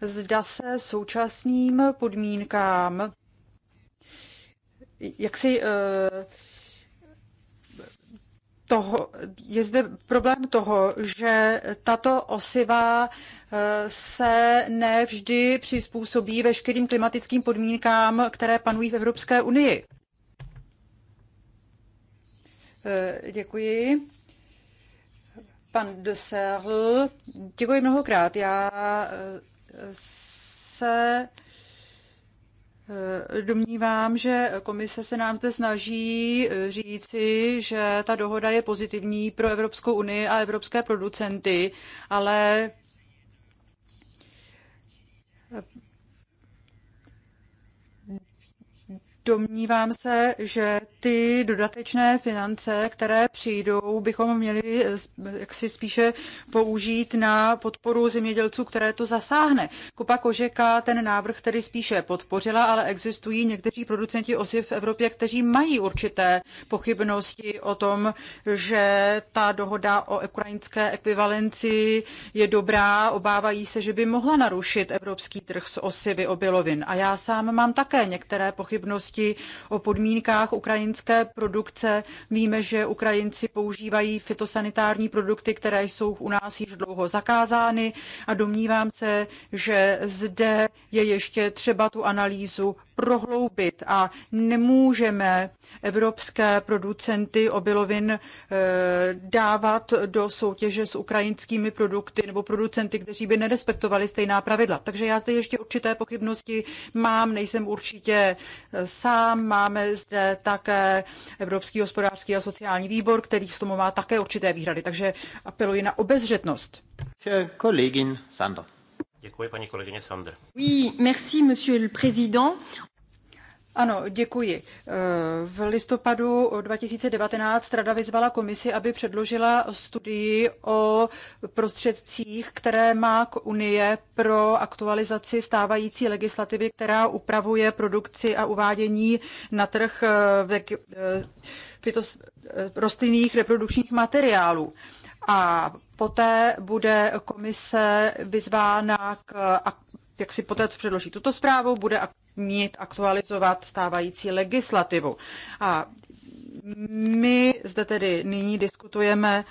zda se současným podmínkám jak si eh, toho, je zde problém toho, že tato osiva eh, se nevždy přizpůsobí veškerým klimatickým podmínkám, které panují v Evropské unii. Eh, děkuji. Pan de Serl, děkuji mnohokrát. Já eh, se Eh, domnívám, že komise se nám zde snaží eh, říci, že ta dohoda je pozitivní pro Evropskou unii a evropské producenty, ale Domnívám se, že ty dodatečné finance, které přijdou, bychom měli eh, jaksi spíše použít na podporu zemědělců, které to zasáhne. Kupa Kožeka ten návrh tedy spíše podpořila, ale existují někteří producenti osiv v Evropě, kteří mají určité pochybnosti o tom, že ta dohoda o ukrajinské ekvivalenci je dobrá, obávají se, že by mohla narušit evropský trh s osivy obilovin. A já sám mám také některé pochybnosti oblasti, o podmínkách ukrajinské produkce. Víme, že Ukrajinci používají fitosanitární produkty, které jsou u nás již dlouho zakázány a domnívám se, že zde je ještě třeba tu analýzu prohloubit a nemůžeme evropské producenty obilovin eh, dávat do soutěže s ukrajinskými produkty nebo producenty, kteří by nerespektovali stejná pravidla. Takže já zde ještě určité pochybnosti mám, nejsem určitě eh, sám, máme zde také Evropský hospodářský a sociální výbor, který s tomu má také určité výhrady, takže apeluji na obezřetnost. Kolegin Sandor. Děkuji, paní kolegyně Sander. Oui, merci, monsieur le président. Ano, děkuji. E, v listopadu 2019 Rada vyzvala komisi, aby předložila studii o prostředcích, které má Unie pro aktualizaci stávající legislativy, která upravuje produkci a uvádění na trh e, e, fitos, rostlinných reprodukčních materiálů. A poté bude komise vyzvána k jak si poté, co předloží tuto zprávu, bude mít aktualizovat stávající legislativu. A my zde tedy nyní diskutujeme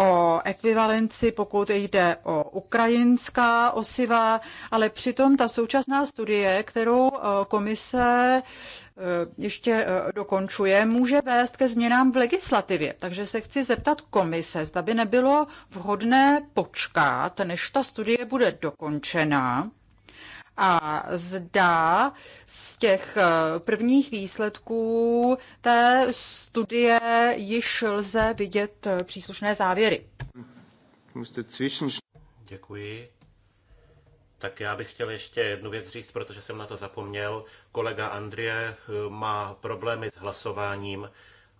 o ekvivalenci, pokud jde o ukrajinská osiva, ale přitom ta současná studie, kterou eh, komise eh, ještě eh, dokončuje, může vést ke změnám v legislativě. Takže se chci zeptat komise, zda by nebylo vhodné počkat, než ta studie bude dokončena a zda z těch eh, prvních výsledků té studie již lze vidět eh, příslušné závěry. Děkuji. Tak já bych chtěl ještě jednu věc říct, protože jsem na to zapomněl. Kolega Andrie eh, má problémy s hlasováním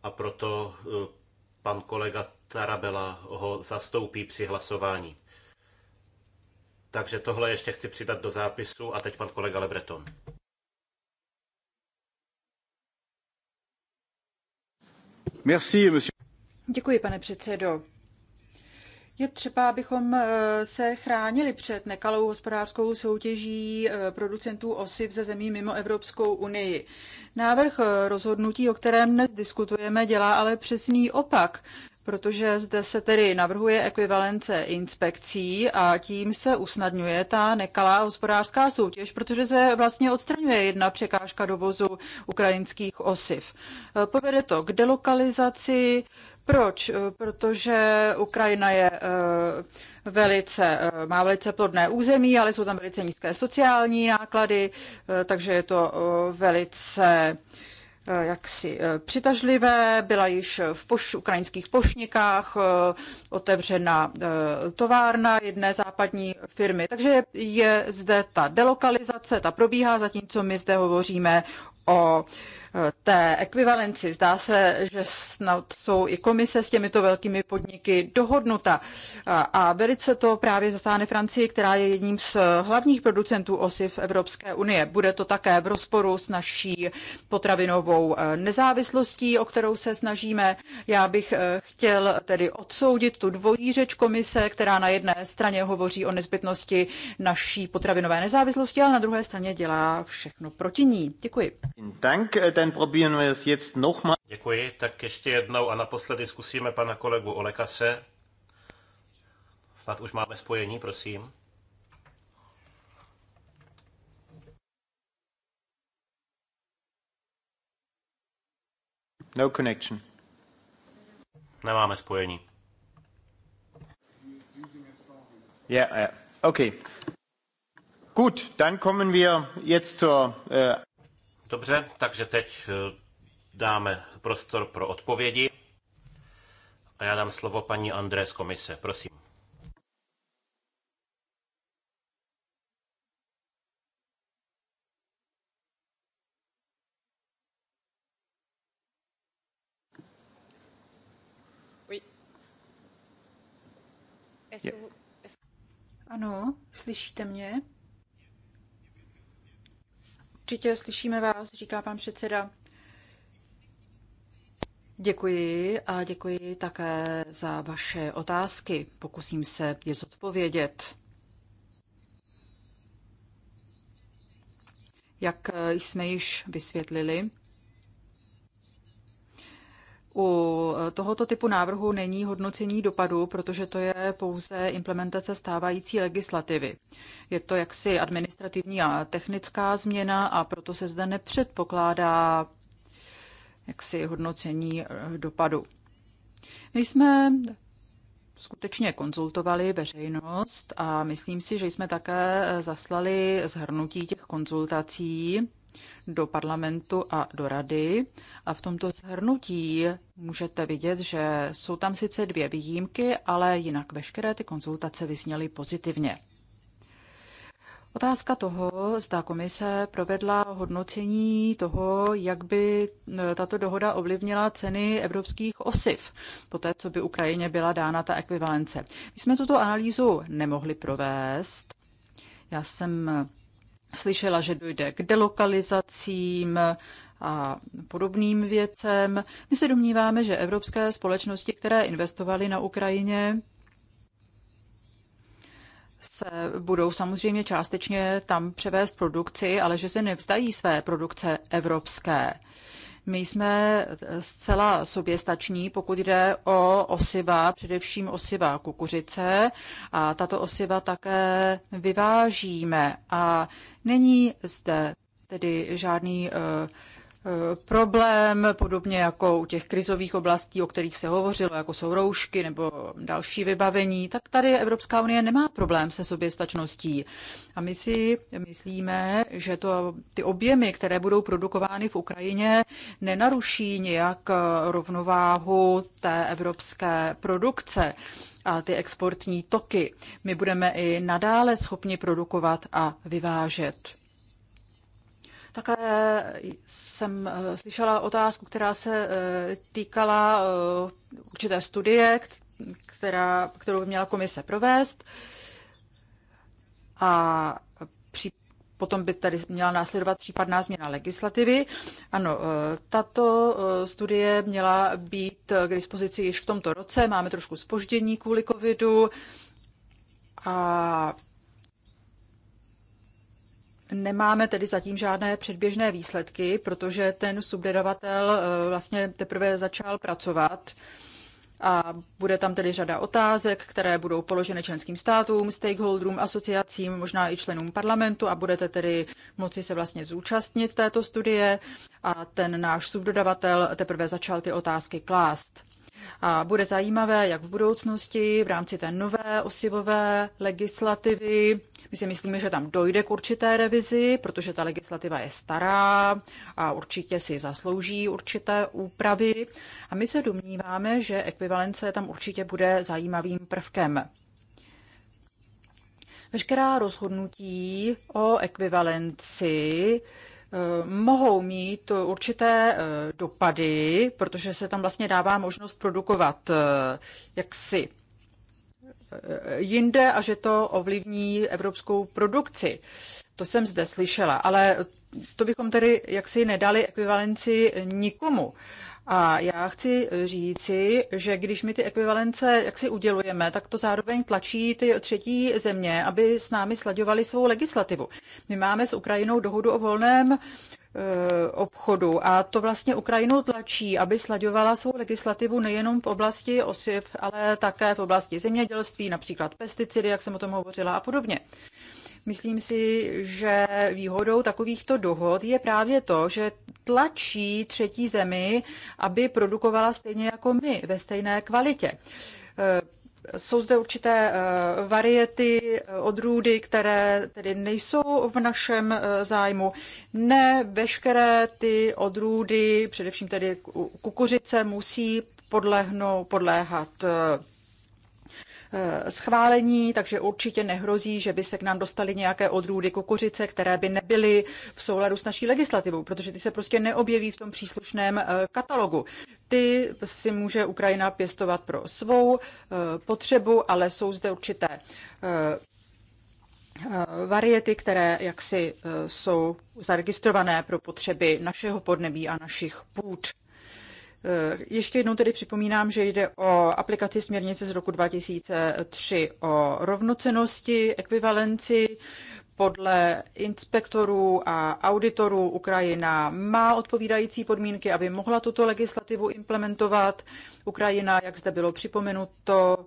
a proto pan kolega Tarabela ho zastoupí při hlasování. Takže tohle ještě chci přidat do zápisu a teď pan kolega Lebreton. Merci, Děkuji, pane předsedo. Je třeba, abychom eh, se chránili před nekalou hospodářskou soutěží eh, producentů osiv ze zemí mimo Evropskou unii. Návrh eh, rozhodnutí, o kterém dnes diskutujeme, dělá ale přesný opak protože zde se tedy navrhuje ekvivalence inspekcí a tím se usnadňuje ta nekalá hospodářská soutěž, protože se vlastně odstraňuje jedna překážka dovozu ukrajinských osiv. Povede to k delokalizaci. Proč? Protože Ukrajina je eh, velice, eh, má velice plodné území, ale jsou tam velice nízké sociální náklady, eh, takže je to velice Eh, jaksi eh, přitažlivé, byla již v poš, ukrajinských pošnikách eh, otevřena továrna jedné západní firmy. Takže je zde ta delokalizace, ta probíhá, zatímco my zde hovoříme o té ekvivalenci. Zdá se, že snad jsou i komise s těmito velkými podniky dohodnuta. A velice to právě zasáhne Francii, která je jedním z hlavních producentů osiv Evropské unie. Bude to také v rozporu s naší potravinovou eh, nezávislostí, o kterou se snažíme. Já bych eh, chtěl tedy odsoudit tu dvojí řeč komise, která na jedné straně hovoří o nezbytnosti naší potravinové nezávislosti, ale na druhé straně dělá všechno proti ní. Děkuji. Dank, dann probieren wir jetzt nochmal. Děkuji, tak ještě jednou a naposledy zkusíme pana kolegu Olekase. Snad už máme spojení, prosím. No connection. Nemáme spojení. Yeah, yeah. Okay. Gut, dann kommen wir jetzt zur... Uh... Dobře, takže teď eh, dáme prostor pro odpovědi. A já dám slovo paní André z komise, prosím. Ano, slyšíte mě? Určitě slyšíme vás, říká pan předseda. Děkuji a děkuji také za vaše otázky. Pokusím se je zodpovědět. Jak jsme již vysvětlili, u tohoto typu návrhu není hodnocení dopadu, protože to je pouze implementace stávající legislativy. Je to jaksi administrativní a technická změna a proto se zde nepředpokládá jaksi hodnocení eh, dopadu. My jsme skutečně konzultovali veřejnost a myslím si, že jsme také eh, zaslali zhrnutí těch konzultací do parlamentu a do rady. A v tomto shrnutí můžete vidět, že jsou tam sice dvě výjimky, ale jinak veškeré ty konzultace vyzněly pozitivně. Otázka toho, zda komise provedla hodnocení toho, jak by eh, tato dohoda ovlivnila ceny evropských osiv, poté co by Ukrajině byla dána ta ekvivalence. My jsme tuto analýzu nemohli provést. Já jsem slyšela, že dojde k delokalizacím a podobným věcem. My se domníváme, že evropské společnosti, které investovaly na Ukrajině, se budou samozřejmě částečně tam převést produkci, ale že se nevzdají své produkce evropské. My jsme zcela soběstační, pokud jde o osiva, především osiva kukuřice a tato osiva také vyvážíme a není zde tedy žádný uh, Eh, problém, podobně jako u těch krizových oblastí, o kterých se hovořilo, jako jsou roušky nebo další vybavení, tak tady Evropská unie nemá problém se soběstačností. A my si myslíme, že to, ty objemy, které budou produkovány v Ukrajině, nenaruší nějak eh, rovnováhu té evropské produkce a ty exportní toky. My budeme i nadále schopni produkovat a vyvážet. Také jsem eh, slyšela otázku, která se eh, týkala eh, určité studie, která, kterou by měla komise provést. A při, potom by tady měla následovat případná změna legislativy. Ano, tato studie měla být k dispozici již v tomto roce. Máme trošku spoždění kvůli covidu. A Nemáme tedy zatím žádné předběžné výsledky, protože ten subdodavatel eh, vlastně teprve začal pracovat a bude tam tedy řada otázek, které budou položeny členským státům, stakeholderům, asociacím, možná i členům parlamentu a budete tedy moci se vlastně zúčastnit této studie a ten náš subdodavatel teprve začal ty otázky klást. A bude zajímavé, jak v budoucnosti v rámci té nové osivové legislativy, my si myslíme, že tam dojde k určité revizi, protože ta legislativa je stará a určitě si zaslouží určité úpravy. A my se domníváme, že ekvivalence tam určitě bude zajímavým prvkem. Veškerá rozhodnutí o ekvivalenci Eh, mohou mít určité eh, dopady, protože se tam vlastně dává možnost produkovat eh, jaksi jinde a že to ovlivní evropskou produkci. To jsem zde slyšela, ale to bychom tedy jaksi nedali ekvivalenci nikomu. A já chci eh, říci, že když my ty ekvivalence jak si udělujeme, tak to zároveň tlačí ty třetí země, aby s námi slaďovali svou legislativu. My máme s Ukrajinou dohodu o volném eh, obchodu a to vlastně Ukrajinu tlačí, aby slaďovala svou legislativu nejenom v oblasti osiv, ale také v oblasti zemědělství, například pesticidy, jak jsem o tom hovořila a podobně. Myslím si, že výhodou takovýchto dohod je právě to, že tlačí třetí zemi, aby produkovala stejně jako my, ve stejné kvalitě. Eh, jsou zde určité eh, variety, eh, odrůdy, které tedy nejsou v našem zájmu. Ne veškeré ty odrůdy, především tedy kukuřice, musí podlehnout, podléhat Eh, schválení, takže určitě nehrozí, že by se k nám dostaly nějaké odrůdy kukuřice, které by nebyly v souladu s naší legislativou, protože ty se prostě neobjeví v tom příslušném eh, katalogu. Ty si může Ukrajina pěstovat pro svou eh, potřebu, ale jsou zde určité variety, které jaksi jsou zaregistrované pro potřeby našeho podnebí a našich půd. Eh, ještě jednou tedy připomínám, že jde o aplikaci směrnice z roku 2003 o rovnocenosti, ekvivalenci. Podle inspektorů a auditorů Ukrajina má odpovídající podmínky, aby mohla tuto legislativu implementovat. Ukrajina, jak zde bylo připomenuto,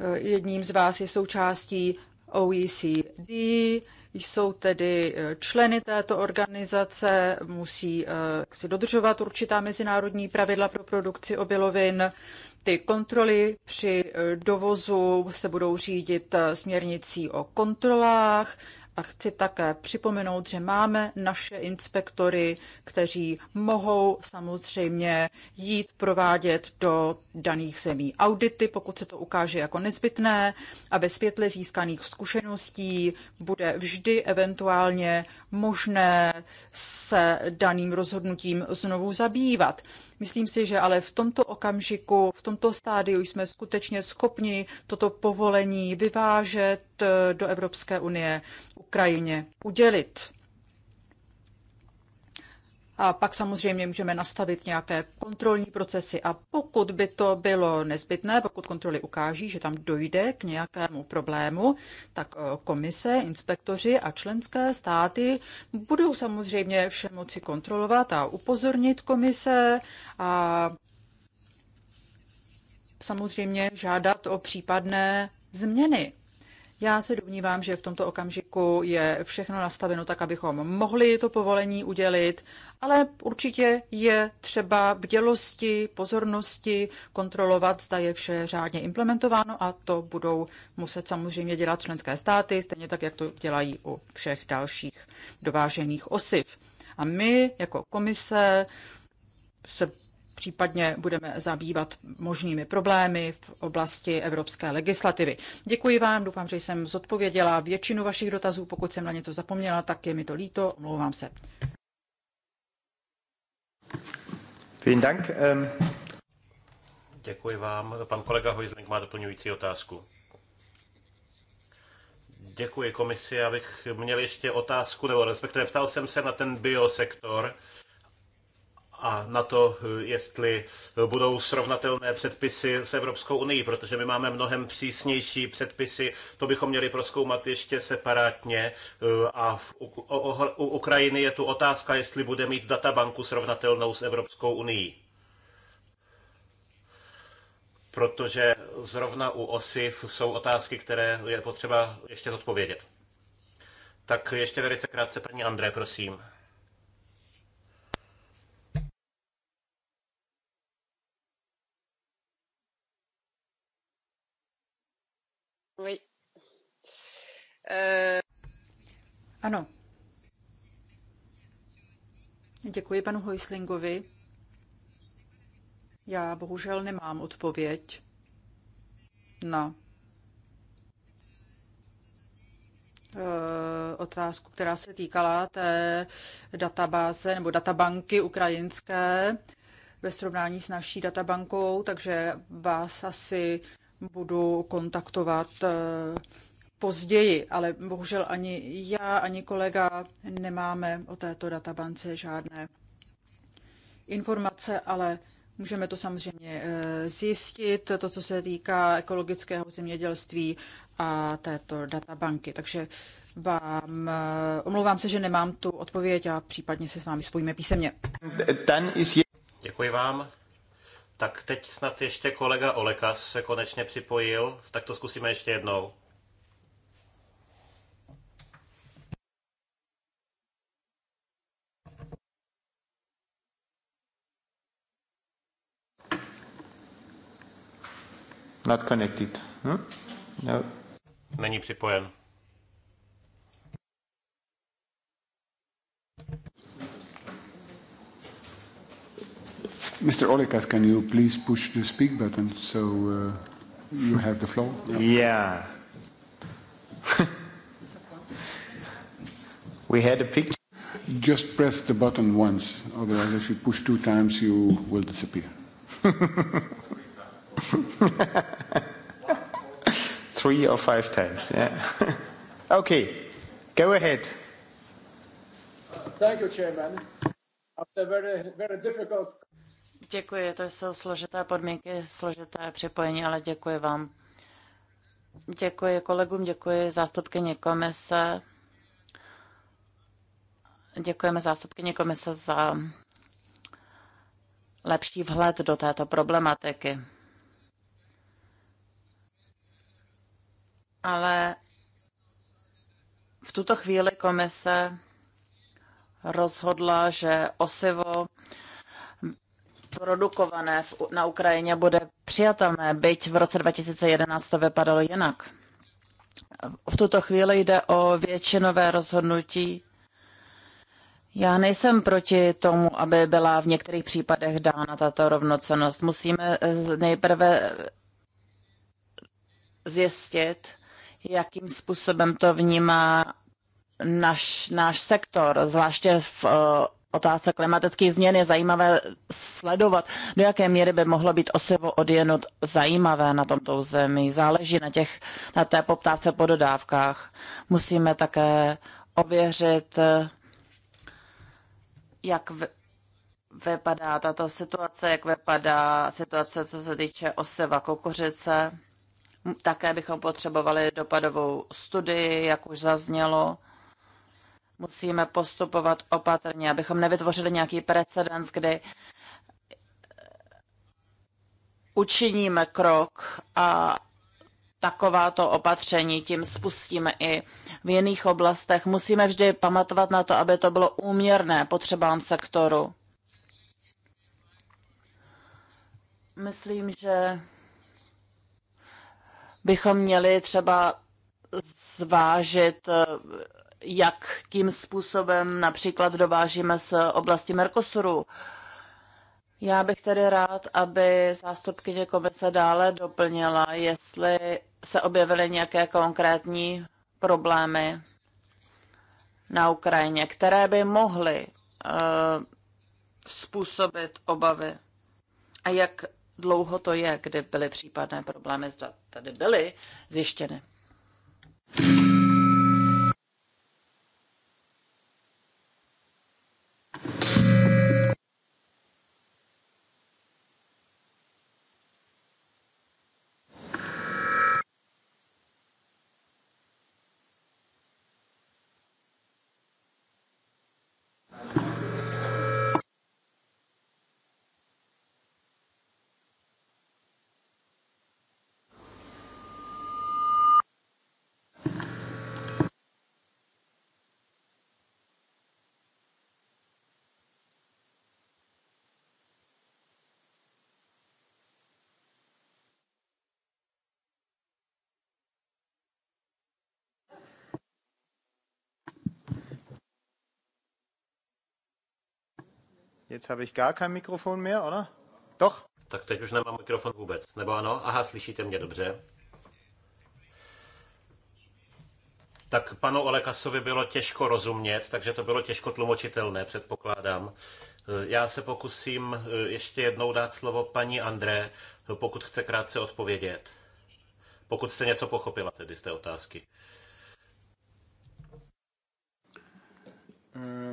eh, jedním z vás je součástí OECD jsou tedy eh, členy této organizace, musí eh, si dodržovat určitá mezinárodní pravidla pro produkci obilovin. Ty kontroly při eh, dovozu se budou řídit směrnicí o kontrolách a chci také připomenout, že máme naše inspektory, kteří mohou samozřejmě jít provádět do daných zemí audity, pokud se to ukáže jako nezbytné a ve světle získaných zkušeností bude vždy eventuálně možné se daným rozhodnutím znovu zabývat. Myslím si, že ale v tomto okamžiku, v tomto stádiu jsme skutečně schopni toto povolení vyvážet eh, do Evropské unie Ukrajině, udělit. A pak samozřejmě můžeme nastavit nějaké kontrolní procesy a pokud by to bylo nezbytné, pokud kontroly ukáží, že tam dojde k nějakému problému, tak eh, komise, inspektoři a členské státy budou samozřejmě vše moci kontrolovat a upozornit komise a samozřejmě žádat o případné změny. Já se domnívám, že v tomto okamžiku je všechno nastaveno tak, abychom mohli to povolení udělit, ale určitě je třeba bdělosti, pozornosti kontrolovat, zda je vše řádně implementováno a to budou muset samozřejmě dělat členské státy, stejně tak, jak to dělají u všech dalších dovážených osiv. A my jako komise se případně budeme zabývat možnými problémy v oblasti evropské legislativy. Děkuji vám, doufám, že jsem zodpověděla většinu vašich dotazů. Pokud jsem na něco zapomněla, tak je mi to líto, omlouvám se. Vielen Dank. Ähm. Děkuji vám. Pan kolega Hojzling má doplňující otázku. Děkuji komisi. abych měl ještě otázku, nebo respektive ptal jsem se na ten biosektor a na to, eh, jestli budou srovnatelné předpisy s Evropskou unii, protože my máme mnohem přísnější předpisy, to bychom měli proskoumat ještě separátně eh, a u, u, u Ukrajiny je tu otázka, jestli bude mít databanku srovnatelnou s Evropskou unii protože zrovna u OSIF jsou otázky, které je potřeba ještě zodpovědět. Tak ještě velice krátce paní André, prosím. Ano. Děkuji panu Hojslingovi. Já bohužel nemám odpověď na eh, otázku, která se týkala té databáze nebo databanky ukrajinské ve srovnání s naší databankou, takže vás asi budu kontaktovat eh, později, ale bohužel ani já, ani kolega nemáme o této databance žádné informace, ale můžeme to samozřejmě eh, zjistit, to, co se týká ekologického zemědělství a této databanky. Takže vám, eh, omlouvám se, že nemám tu odpověď a případně se s vámi spojíme písemně. Děkuji vám. Tak teď snad ještě kolega Olekas se konečně připojil, tak to zkusíme ještě jednou. Not connected. Hm? No. Není připojen. Mr. Olikas, can you please push the speak button so uh, you have the floor? Yeah. yeah. we had a picture. Just press the button once, otherwise if you push two times you will disappear. Three or five times, yeah. okay, go ahead. Thank you, Chairman. After very, very difficult... Děkuji, to jsou složité podmínky, složité připojení, ale děkuji vám. Děkuji kolegům, děkuji zástupkyni komise. Děkujeme zástupkyni komise za lepší vhled do této problematiky. ale v tuto chvíli komise rozhodla, že osivo produkované na Ukrajině bude přijatelné, byť v roce 2011 to vypadalo jinak. V tuto chvíli jde o většinové rozhodnutí. Já nejsem proti tomu, aby byla v některých případech dána tato rovnocenost. Musíme nejprve zjistit, jakým způsobem to vnímá naš, náš sektor, zvláště v eh, otázce klimatických změn je zajímavé sledovat, do jaké míry by mohlo být osivo odjenut zajímavé na tomto území. Záleží na, těch, na té poptávce po dodávkách. Musíme také ověřit, jak v, vypadá tato situace, jak vypadá situace, co se týče osiva kukuřice. Také bychom potřebovali dopadovou studii, jak už zaznělo. Musíme postupovat opatrně, abychom nevytvořili nějaký precedens, kdy učiníme krok a takováto opatření tím spustíme i v jiných oblastech. Musíme vždy pamatovat na to, aby to bylo úměrné potřebám sektoru. Myslím, že bychom měli třeba zvážit, eh, jakým způsobem například dovážíme z oblasti Mercosuru. Já bych tedy rád, aby zástupkyně komise dále doplnila, jestli se objevily nějaké konkrétní problémy na Ukrajině, které by mohly uh, způsobit obavy. A jak dlouho to je, kdy byly případné problémy, zda tady byly zjištěny. Jetzt habe ich gar kein Mikrofon mehr, oder? Doch? Tak teď už nemám mikrofon vůbec, nebo ano? Aha, slyšíte mě dobře. Tak panu Olekasovi bylo těžko rozumět, takže to bylo těžko tlumočitelné, předpokládám. Já se pokusím eh, ještě jednou dát slovo paní André, eh, pokud chce krátce odpovědět. Pokud jste něco pochopila tedy z té otázky.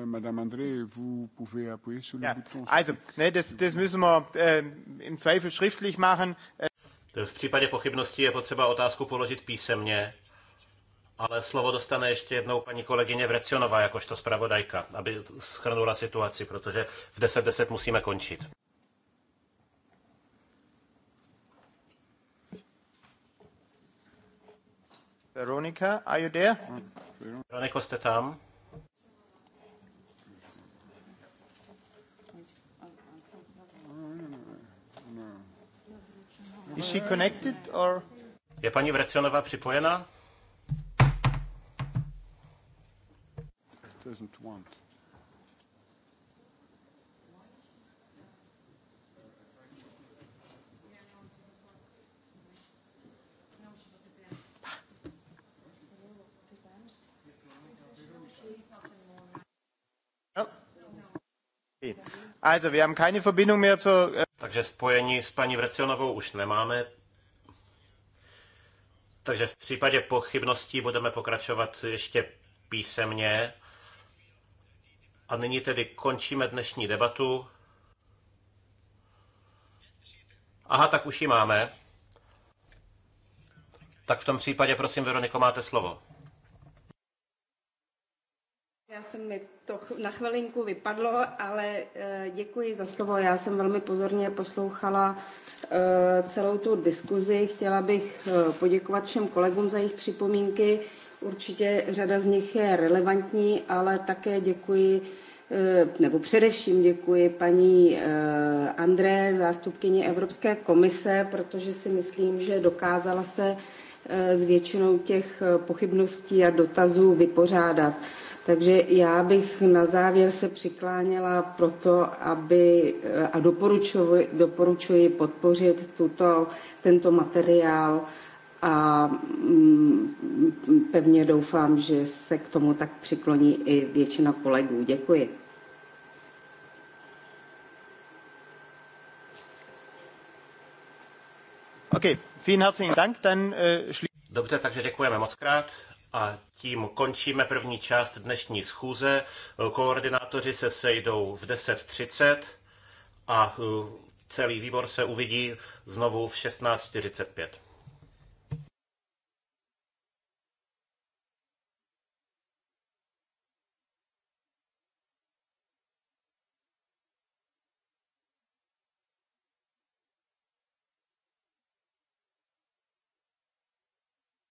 Madame André, vous pouvez appuyer sur le ja. bouton. Also, ne, das, das müssen wir äh, im Zweifel schriftlich machen. V případě pochybnosti je potřeba otázku položit písemně, ale slovo dostane ještě jednou paní kolegyně Vrecionová jakožto zpravodajka, aby schrnula situaci, protože v 10.10 .10 musíme končit. Veronika, are you there? Veroniko, jste tam? Is she connected or... Je paní Vrecionová připojena? Doesn't want. Also, wir haben keine Verbindung mehr zur äh, takže spojení s paní Vrecionovou už nemáme. Takže v případě pochybností budeme pokračovat ještě písemně. A nyní tedy končíme dnešní debatu. Aha, tak už ji máme. Tak v tom případě, prosím, Veroniko, máte slovo. Já jsem mi to na chvilinku vypadlo, ale eh, děkuji za slovo. Já jsem velmi pozorně poslouchala eh, celou tu diskuzi. Chtěla bych eh, poděkovat všem kolegům za jejich připomínky. Určitě řada z nich je relevantní, ale také děkuji, nebo především děkuji paní André, zástupkyni Evropské komise, protože si myslím, že dokázala se s většinou těch pochybností a dotazů vypořádat. Takže já bych na závěr se přikláněla proto, aby a doporučuji, doporučuji podpořit tuto, tento materiál a mm, pevně doufám, že se k tomu tak přikloní i většina kolegů. Děkuji. Okay, vielen herzlichen Dank. Dann, äh, Dobře, takže děkujeme moc krát. A tím končíme první část dnešní schůze. Koordinátoři se sejdou v 10.30 a uh, celý výbor se uvidí znovu v 16.45.